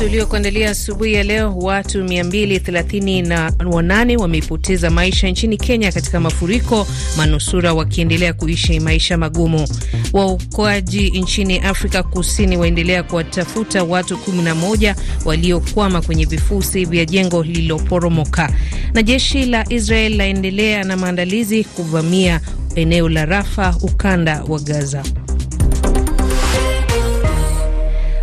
tuliokuandalia asubuhi ya leo. Watu 238 wamepoteza maisha nchini Kenya katika mafuriko, manusura wakiendelea kuishi maisha magumu. Waokoaji nchini Afrika Kusini waendelea kuwatafuta watu 11 waliokwama kwenye vifusi vya jengo lililoporomoka, na jeshi la Israel laendelea na maandalizi kuvamia eneo la Rafa, ukanda wa Gaza.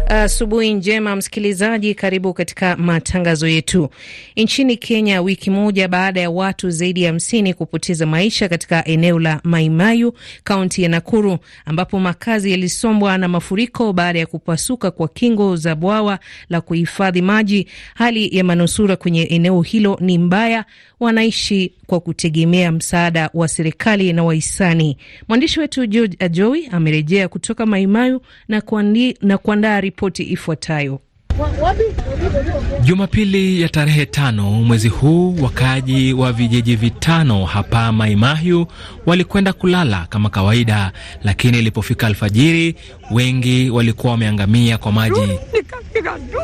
Asubuhi uh, njema msikilizaji, karibu katika matangazo yetu. Nchini Kenya, wiki moja baada ya watu zaidi ya hamsini kupoteza maisha katika eneo la Maimayu, kaunti ya Nakuru, ambapo makazi yalisombwa na mafuriko baada ya kupasuka kwa kingo za bwawa la kuhifadhi maji, hali ya manusura kwenye eneo hilo ni mbaya, wanaishi kwa kutegemea msaada wa serikali na wahisani. Mwandishi wetu George Ajoi amerejea kutoka Maimayu na kuandaa ripoti ifuatayo. Wapi Jumapili ya tarehe tano mwezi huu, wakaaji wa vijiji vitano hapa Maimahyu walikwenda kulala kama kawaida, lakini ilipofika alfajiri, wengi walikuwa wameangamia kwa maji.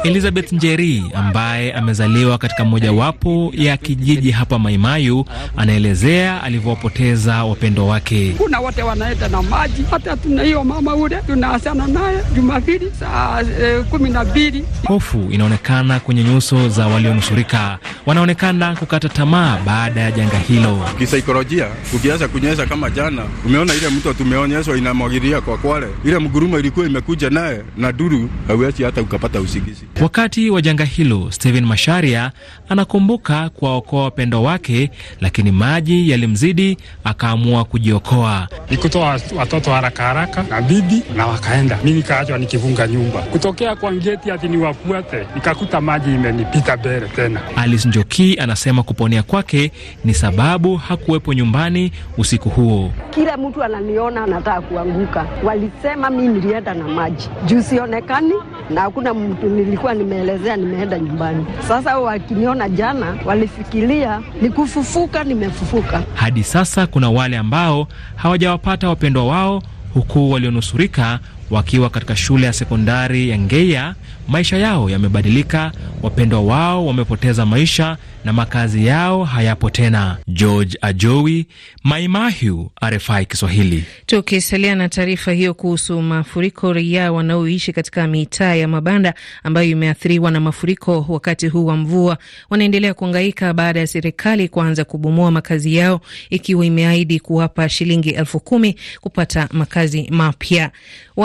Elizabeth Njeri ambaye amezaliwa katika mojawapo ya kijiji hapa Maimayu anaelezea alivyowapoteza wapendo wake. Kuna wote wanaenda na maji, hata tuna hiyo mama ule tunaasana naye Jumapili saa e, kumi na mbili. Hofu inaonekana kwenye nyuso za walionusurika wanaonekana kukata tamaa baada ya janga hilo. Kisaikolojia, ukianza kunyesha kama jana, umeona ile mtu tumeonyeshwa inamwagilia kwa Kwale, ile mguruma ilikuwa imekuja naye na duru, hauwezi hata ukapata usingizi. Wakati wa janga hilo, Steven Masharia anakumbuka kuwaokoa wapendwa wake, lakini maji yalimzidi, akaamua kujiokoa. Nikutoa watoto haraka haraka na bibi na wakaenda, mi nikaachwa nikivunga nyumba kutokea kwa ngeti, ati niwafuate, nikakuta maji imenipita mbele tena. Alice Njoki anasema kuponea kwake ni sababu hakuwepo nyumbani usiku huo. Kila mtu ananiona anataka kuanguka, walisema mi nilienda na maji juu sionekani na hakuna mtu nilikuwa nimeelezea nimeenda nyumbani. Sasa wakiniona jana walifikiria ni kufufuka, nimefufuka. Hadi sasa kuna wale ambao hawajawapata wapendwa wao huku walionusurika Wakiwa katika shule ya sekondari ya ngeya maisha yao yamebadilika, wapendwa wao wamepoteza maisha na makazi yao hayapo tena. George Ajowi, Maimahiu, RFI Kiswahili. Tukisalia na taarifa hiyo kuhusu mafuriko, raia wanaoishi katika mitaa ya mabanda ambayo imeathiriwa na mafuriko wakati huu wa mvua wanaendelea kuhangaika baada ya serikali kuanza kubomoa makazi yao, ikiwa imeahidi kuwapa shilingi elfu kumi kupata makazi mapya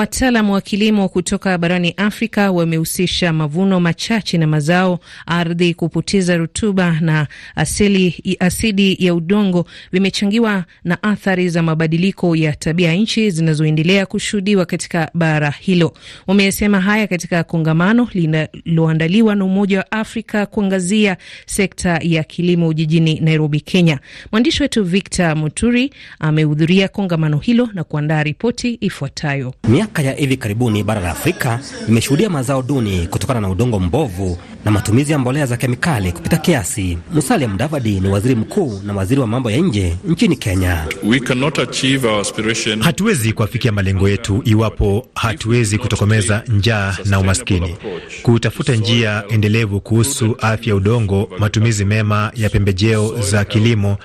wataalam wa kilimo kutoka barani Afrika wamehusisha mavuno machache na mazao, ardhi kupoteza rutuba na asili, asidi ya udongo vimechangiwa na athari za mabadiliko ya tabia nchi zinazoendelea kushuhudiwa katika bara hilo. Wamesema haya katika kongamano linaloandaliwa na Umoja wa Afrika kuangazia sekta ya kilimo jijini Nairobi, Kenya. Mwandishi wetu Victor Muturi amehudhuria kongamano hilo na kuandaa ripoti ifuatayo miaka ya hivi karibuni bara la Afrika limeshuhudia mazao duni kutokana na udongo mbovu na matumizi ya mbolea za kemikali kupita kiasi. Musalia Mudavadi ni waziri mkuu na waziri wa mambo ya nje nchini Kenya. We cannot achieve our aspiration. Hatuwezi kuafikia malengo yetu iwapo hatuwezi kutokomeza njaa na umaskini. Kutafuta njia endelevu kuhusu afya ya udongo, matumizi mema ya pembejeo za kilimo,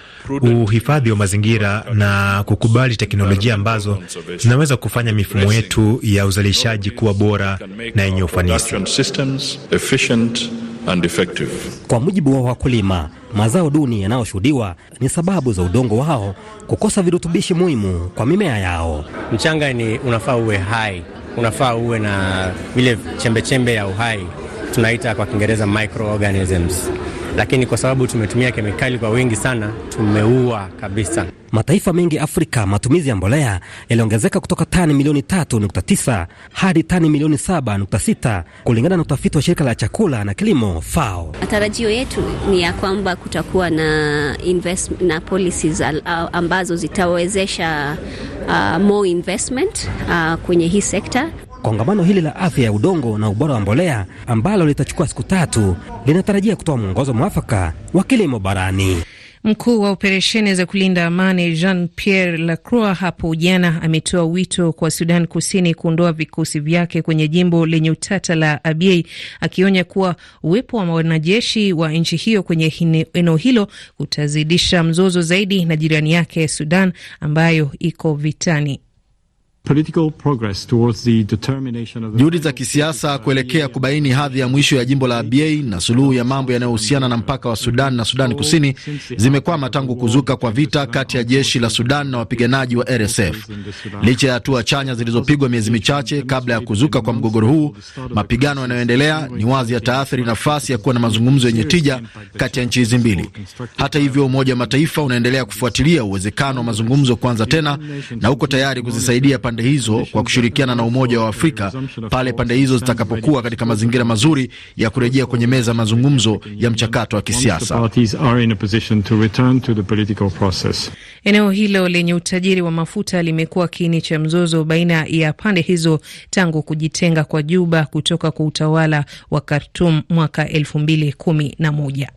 uhifadhi wa mazingira na kukubali teknolojia ambazo zinaweza kufanya mifumo yetu yetu ya uzalishaji kuwa bora na yenye ufanisi. Kwa mujibu wa wakulima, mazao duni yanayoshuhudiwa ni sababu za udongo wao kukosa virutubishi muhimu kwa mimea yao. Mchanga ni unafaa uwe hai, unafaa uwe na vile chembechembe ya uhai, tunaita kwa Kiingereza microorganisms lakini kwa sababu tumetumia kemikali kwa wingi sana, tumeua kabisa. Mataifa mengi Afrika matumizi ya mbolea yaliongezeka kutoka tani milioni 3.9 hadi tani milioni 7.6 kulingana na utafiti wa shirika la chakula na kilimo FAO. Matarajio yetu ni ya kwamba kutakuwa na na policies ambazo zitawezesha uh, more investment uh, kwenye hii sekta. Kongamano hili la afya ya udongo na ubora wa mbolea ambalo litachukua siku tatu linatarajia kutoa mwongozo mwafaka wa kilimo barani. Mkuu wa operesheni za kulinda amani Jean Pierre Lacroix hapo jana ametoa wito kwa Sudan Kusini kuondoa vikosi vyake kwenye jimbo lenye utata la Abyei, akionya kuwa uwepo wa wanajeshi wa nchi hiyo kwenye eneo hilo utazidisha mzozo zaidi na jirani yake Sudan ambayo iko vitani. Juhudi za kisiasa kuelekea kubaini hadhi ya mwisho ya jimbo la Abyei na suluhu ya mambo yanayohusiana na mpaka wa Sudan na Sudani Kusini zimekwama tangu kuzuka kwa vita kati ya jeshi la Sudan na wapiganaji wa RSF. Licha ya hatua chanya zilizopigwa miezi michache kabla ya kuzuka kwa mgogoro huu, mapigano yanayoendelea ni wazi yataathiri nafasi ya kuwa na mazungumzo yenye tija kati ya nchi hizi mbili. Hata hivyo, Umoja wa Mataifa unaendelea kufuatilia uwezekano wa mazungumzo kuanza tena na uko tayari kuzisaidia pande hizo kwa kushirikiana na Umoja wa Afrika pale pande hizo zitakapokuwa katika mazingira mazuri ya kurejea kwenye meza ya mazungumzo ya mchakato wa kisiasa. Eneo hilo lenye utajiri wa mafuta limekuwa kiini cha mzozo baina ya pande hizo tangu kujitenga kwa Juba kutoka kwa utawala wa Khartoum mwaka elfu mbili kumi na moja.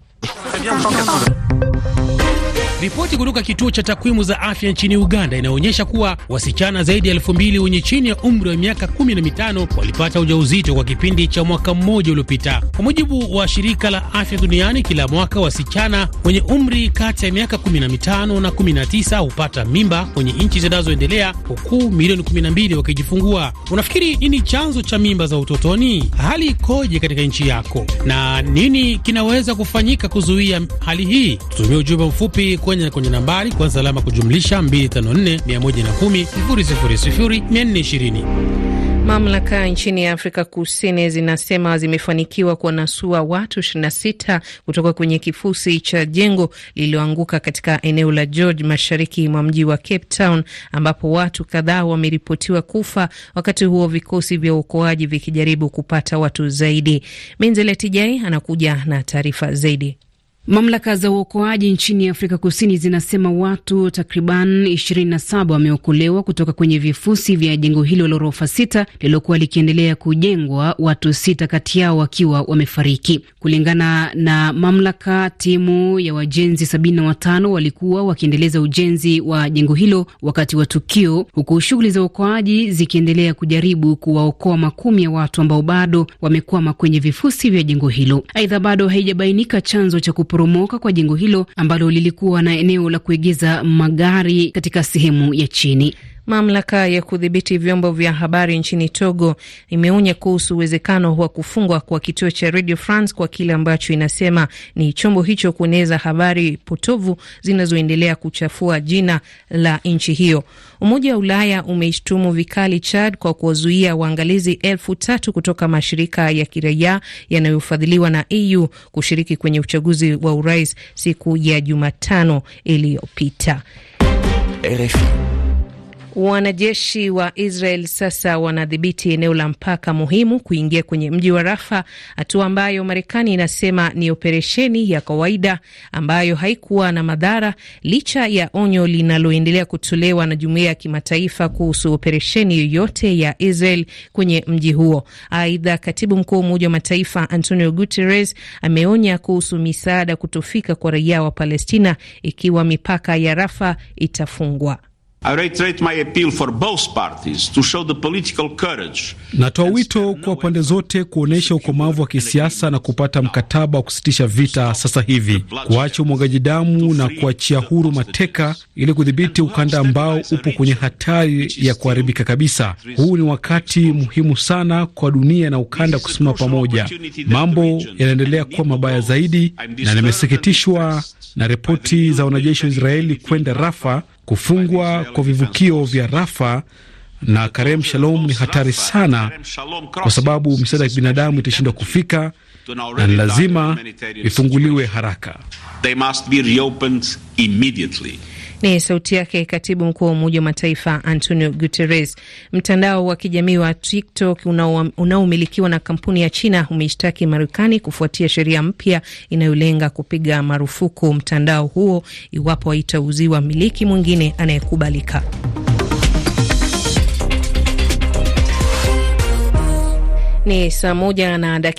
Ripoti kutoka kituo cha takwimu za afya nchini Uganda inaonyesha kuwa wasichana zaidi ya elfu mbili wenye chini ya umri wa miaka 15 walipata ujauzito kwa kipindi cha mwaka mmoja uliopita. Kwa mujibu wa shirika la afya duniani, kila mwaka wasichana wenye umri kati ya miaka 15 na 19 hupata mimba kwenye nchi zinazoendelea, huku milioni 12 wakijifungua. Unafikiri nini chanzo cha mimba za utotoni? Hali ikoje katika nchi yako na nini kinaweza kufanyika kuzuia hali hii? Tutumie ujumbe mfupi kwenye kwenye nambari kwanza alama kujumlisha 254 110 000 420. Mamlaka nchini Afrika Kusini zinasema zimefanikiwa kuwanasua watu 26 kutoka kwenye kifusi cha jengo lililoanguka katika eneo la George mashariki mwa mji wa Cape Town, ambapo watu kadhaa wameripotiwa kufa, wakati huo vikosi vya uokoaji vikijaribu kupata watu zaidi. Minzeletijai anakuja na taarifa zaidi. Mamlaka za uokoaji nchini Afrika Kusini zinasema watu takriban 27 wameokolewa kutoka kwenye vifusi vya jengo hilo la ghorofa sita lililokuwa likiendelea kujengwa, watu sita kati yao wakiwa wamefariki. Kulingana na mamlaka, timu ya wajenzi 75 walikuwa wakiendeleza ujenzi wa jengo hilo wakati wa tukio, huku shughuli za uokoaji zikiendelea kujaribu kuwaokoa makumi ya watu ambao bado wamekwama kwenye vifusi vya jengo hilo. Aidha, bado haijabainika chanzo cha kuporomoka kwa jengo hilo ambalo lilikuwa na eneo la kuegeza magari katika sehemu ya chini. Mamlaka ya kudhibiti vyombo vya habari nchini Togo imeonya kuhusu uwezekano wa kufungwa kwa kituo cha Radio France kwa kile ambacho inasema ni chombo hicho kueneza habari potovu zinazoendelea kuchafua jina la nchi hiyo. Umoja wa Ulaya umeishtumu vikali Chad kwa kuwazuia waangalizi elfu tatu kutoka mashirika ya kiraia yanayofadhiliwa na EU kushiriki kwenye uchaguzi wa urais siku ya Jumatano iliyopita. RFI Wanajeshi wa Israel sasa wanadhibiti eneo la mpaka muhimu kuingia kwenye mji wa Rafa, hatua ambayo Marekani inasema ni operesheni ya kawaida ambayo haikuwa na madhara licha ya onyo linaloendelea kutolewa na jumuiya ya kimataifa kuhusu operesheni yoyote ya Israel kwenye mji huo. Aidha, katibu mkuu wa Umoja wa Mataifa Antonio Guterres ameonya kuhusu misaada kutofika kwa raia wa Palestina ikiwa mipaka ya Rafa itafungwa. Natoa wito kwa pande zote kuonyesha ukomavu wa kisiasa na kupata mkataba wa kusitisha vita sasa hivi, kuacha umwagaji damu na kuachia huru mateka ili kudhibiti ukanda ambao upo kwenye hatari ya kuharibika kabisa. Huu ni wakati muhimu sana kwa dunia na ukanda kusimama pamoja. Mambo yanaendelea kuwa mabaya zaidi, na nimesikitishwa na ripoti za wanajeshi wa Israeli kwenda Rafa Kufungwa kwa vivukio vya Rafa na Karem Shalom ni hatari sana, kwa sababu misaada ya kibinadamu itashindwa kufika na lazima ifunguliwe haraka. They must be reopened immediately. Ni sauti yake katibu mkuu wa Umoja wa Mataifa Antonio Guterres. Mtandao wa kijamii wa TikTok unaomilikiwa na kampuni ya China umeshtaki Marekani kufuatia sheria mpya inayolenga kupiga marufuku mtandao huo iwapo haitauziwa miliki mwingine anayekubalika. Ni saa moja na dakika